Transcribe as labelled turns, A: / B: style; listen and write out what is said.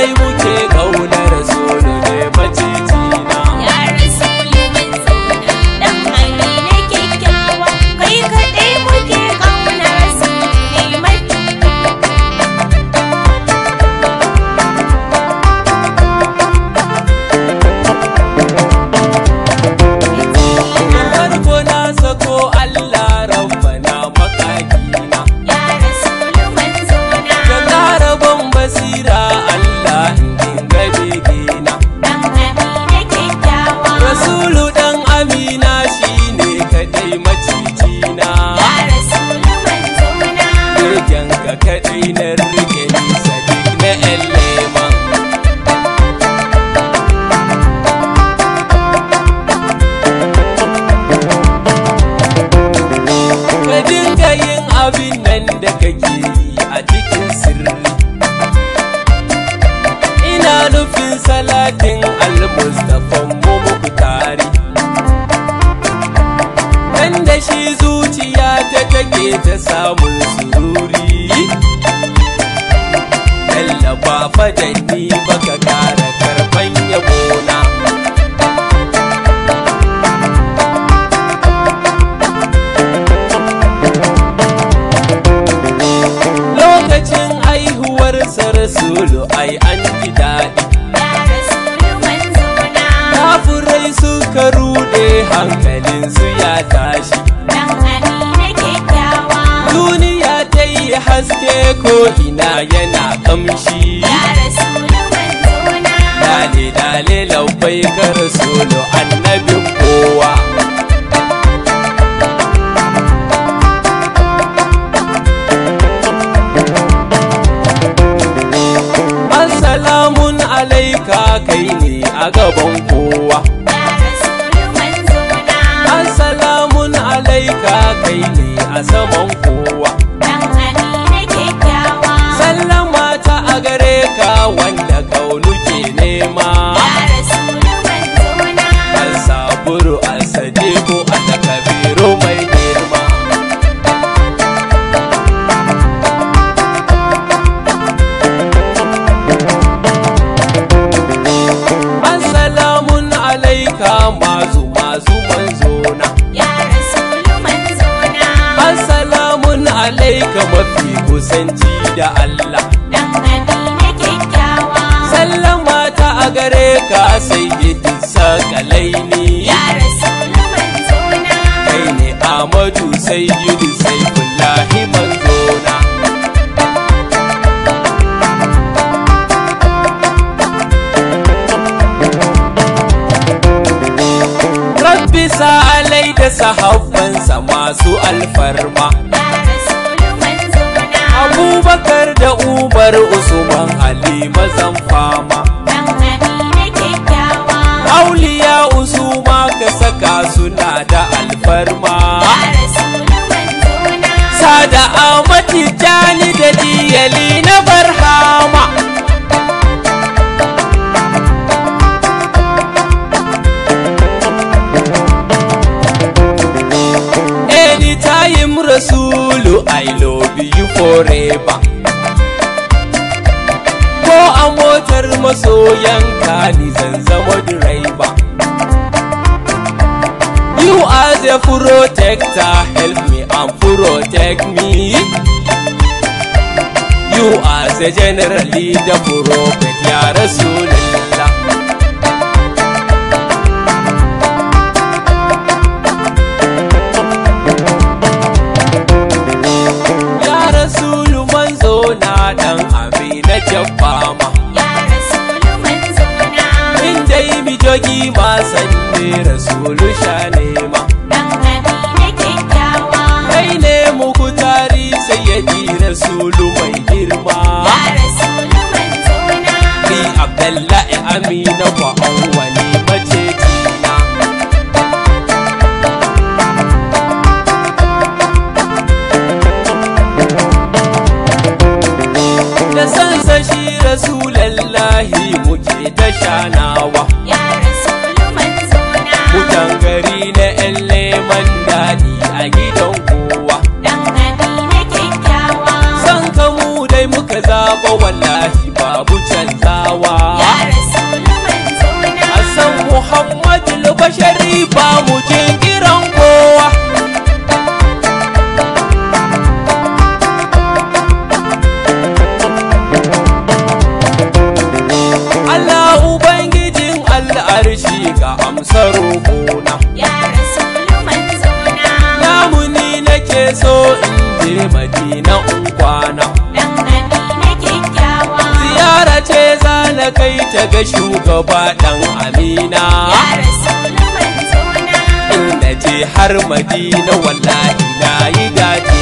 A: kai muke kauna zuciya ta take ta samun sururi lallaba fadanni baka kara karban yabona lokacin aihuwar sarasulu ai an ji daɗi kafurai suka hankalin su ya tashi ina yana kamshi dale dale laubai ka rasulu annabin kowa Assalamun alaika kai ne a gaban kowa Assalamun alaika kai ne a saman kowa kusanci da Allah dan Madina kyakkyawa sallama ta a gare ka sayyidin sakalaini ya rasul kai ne Amadu sai sayyidu sayfullahi manzona Rabbi alai da sahabbansa masu alfarma bar Usman Ali mazan fama Auliya usuma ka saka suna da alfarma Sada amati jani da diyali na barhama Anytime Rasulu I love you forever motar masoyanka ni zan zama direba you as a protector help me and protect me you as a general leader prophet ya rasulallah ya rasulu manzo na dan abi na fama jogi ma sanne rasulu sha nema kai ne muku tari sayyadi rasulu mai girma ni abdullahi amina wa awwali mace tina da sansa shi rasulallahi muke ta shanawa da shugaba ɗan amina na je har madina wallahi na yi